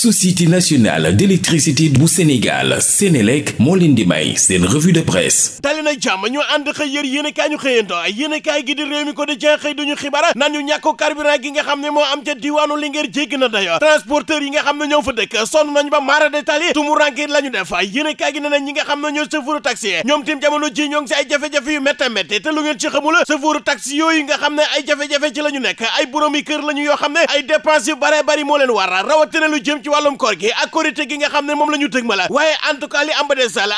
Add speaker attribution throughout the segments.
Speaker 1: société nationale d'électricité bu Sénégal Sénélec moo leen di may seen revue de presse dali na jàmm ñu ànd xëy yër yéen ñu xëyanto yéen i gi di réew mi ko di jen xëy duñu xibaar naan ñu ñàkko carburant gi nga xam ne moo am ca diwaanu Linguère jégg na dayo transporteur yi nga xam ne ñoo fa dëkk sonn nañu ba maara détail yi tumu ranki def yéen i gi ne na ñi nga xam ne ñoo chauffeur taxi ñoom tim jamono yooyu nga xam ne ay jafe-jafe ci la ñu nekk ay boroomi kër la ñu yoo xam ci wàllum koor gi ak korite gi nga xam ne moom la ñu dëgmal waaye en tout cas li am ba nga xam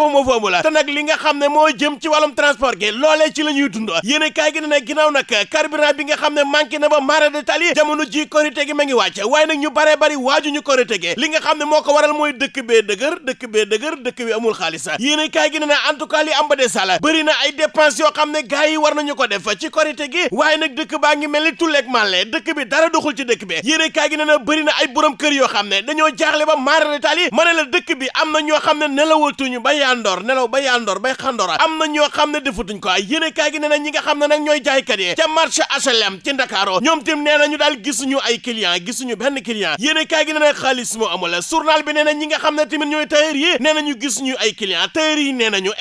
Speaker 1: ne moo la te nag li jëm ci wàllum transport gi loolee ci dund yéen kaay gi ne nag ne manqué na ba de tali jamono ma ngi wàcc waaye nag ñu baree bari waaju nga xam ne moo ko waral mooy dëkk bee dëgër dëkk bee dëgër dëkk ne na en tout cas li ay dépenses xam ne gars war nañu ko def ci korite gi waaye nag dëkk baa ngi mel ni tulleeg màlle dëkk bi dara doxul ci dëkk bi yéenekaay gi nee na bëri ay borom kër yoo xam ne dañoo jaaxle ba maaralitaal yi ma ne la dëkk bi am na ñoo xam ne nelawatuñu ba yandoor nelaw ba yandoor bay xandoora am na ñoo xam ne defutuñ ko yéenekaay gi nee na ñi nga xam ne nag ñooy jaaykat yi ca marché HLM ci Ndakaaru ñoom tim nee na ñu daal gisuñu ay client gisuñu benn client yéenekaay gi nee na xaalis moo amul journal bi nee na ñi nga xam ne tamit ñooy tailleur yi nee ñu gisuñu ay client tailleur yi nee nañu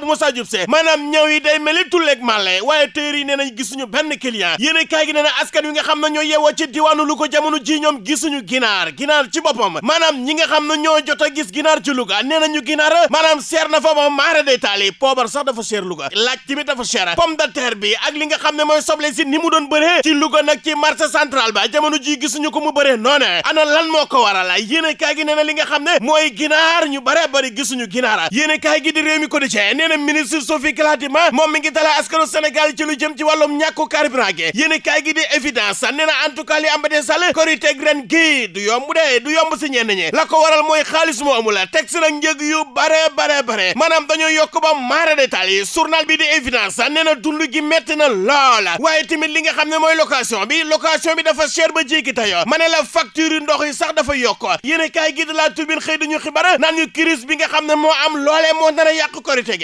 Speaker 1: bu Moussa Diop maanaam ñëw yi day mel ni tulleeg màlle waaye yi nee nañ gisuñu benn client yéen kaay gi nee na askan wi nga xam ne ñoo yeewoo ci diwaanu Louga jamono ji a gis ginaar li nga xam ne mooy ginaar ñu bare bari gisuñu ginaar yéen kaay gi di réew mi ko di cee nee na ministre Sophie Gladima moom mi ngi dalal askanu Sénégal ci lu jëm ci wàllum ñàkku carburant navrage yéen kaay gi di évidence nee na en tout cas li am ba des sal koriteg ren gii du yomb de du yomb si ñenn ñi la ko waral mooy xaalis moo amul teg si nag njëg yu bare bare bare maanaam dañoo yokk ba maara détail yi bi di évidence nee dund gi métti na loola waaye tamit li nga xam ne mooy location bi location bi dafa cher ba jéggi tayo ma la facture yu ndox yi sax dafa yokko yéen gi di la xëy duñu xibaar naan ñu crise bi nga xam ne moo am loolee moo nar a yàq korite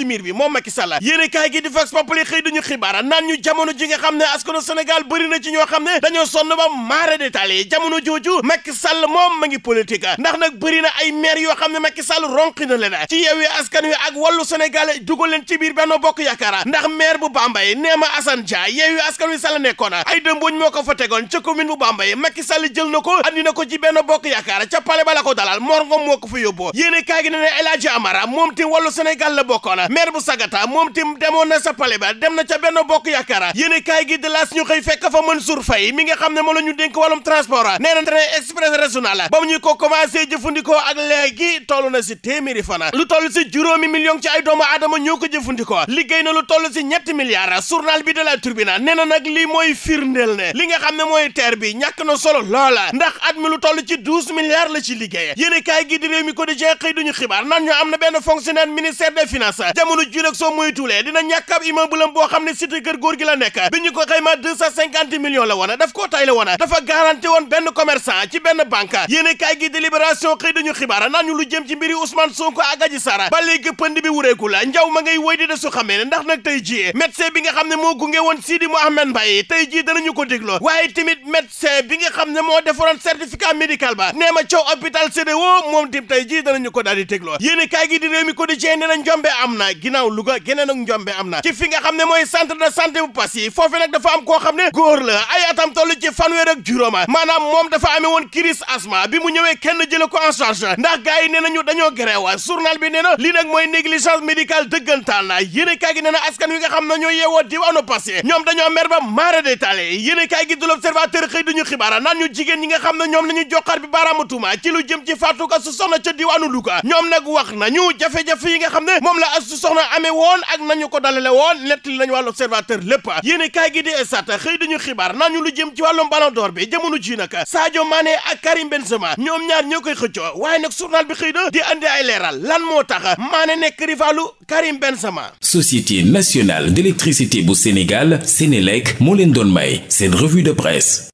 Speaker 1: ci miir bi moom Macky Sall yéen kaay gi di Vox Populi xëy duñu naan ñu jamono ji nga xam ne askanu Sénégal bëri na ñoo xam ne dañoo sonn ba maara détaal yi jamono jooju Macky Sall moom ma ngi politique ndax nag bëri ay maire yoo xam ne Macky Sall ronqi na leen ci yeewi askan wi ak wàllu Sénégal dugal leen ci biir Benno Bokk Yaakaar ndax maire bu Bambey Néema Assane Dia yeewi askan wi Sall ko na ko andi na ba la ko dalal Mor Ngom moo ko fa yóbboo yéen kaay gi ne ne El Hadji Amara maire bu sagata moom tim demoon na sa pale ba dem na ca benn bokk yaakaar yéen kaay gi de laas ñu xëy fekk fa Mansour Faye mi nga xam ne moo la ñu dénk wàllum transport nee na train express régional ba mu ñu ko commencé jëfandikoo ak léegi toll na si téeméeri fana lu toll si juróomi million ci ay doomu aadama ñoo ko jëfandikoo liggéey na lu toll si ñetti milliards journal bi de la Tribune nee nag lii mooy firndeel ne li nga xam ne mooy TER bi ñàkk na solo loola ndax at mi lu toll ci douze milliards la ci liggéey yéen kaay gi di réew mi ko di jeex xëy na benn fonctionnaire ministère des finances jamono ji nag soo muy tulee dina ñàkk ab immeuble am boo xam ne cité kër góor gi la nekk bi ñu ko xaymaa deux cent la woon daf koo tay la woon dafa garanti woon benn commerçant ci benn banque yéene kaay gi délibération xëy dañu xibaara naan ñu lu jëm ci mbiri Ousmane Sonko ak Adji Sarr ba léegi pënd bi wureeku la njaw ma ngay woy di de su xamee ne ndax nag tey jii médecin bi nga xam ne moo gunge woon Sidi Mohamed Mbaye tey jii danañu ko dégloo waaye tamit médecin bi nga xam ne moo defaroon certificat médical ba nee ma coow hôpital CDO moom tim tey jii danañu ko daal di dégloo yéene kaay gi di réew mi ko na njombe am naa ginnaaw Louga geneen ak njombe am na ci fi nga xam ne mooy centre de santé bu Passy yi foofu nag dafa am koo xam ne góor la ay atam toll ci fanweer ak juróoma maanaam moom dafa amee woon crise asthme bi mu ñëwee kenn jële ko ndax gars yi nee nañu dañoo gréwa journal bi nee na lii nag mooy négligence médicale dëggantaan na yéene kaay gi na askan wi nga xam ne ñoo yeewoo diwaanu Passy ñoom dañoo mer ba maara détaillé yéene kaay gi du l'observateur xëy la ñu joxar bi baaraamu la su soxna amee woon ak nañu ko dalale woon nettali nañu waa l'Observateur lépp a kaay gi di esat xëy dañu xibaar nañu lu jëm ci wàllum ballon door bi jamono ji nag Sadio Mané ak Karim Benzema ñoom ñaar ñoo koy xëccoo waaye nag journal bi xëy na di andi ay leeral lan moo tax Mané nekk rivalu Karim Benzema. Société nationale d'électricité bu Sénégal Sénélec moo leen doon may seen revue de presse.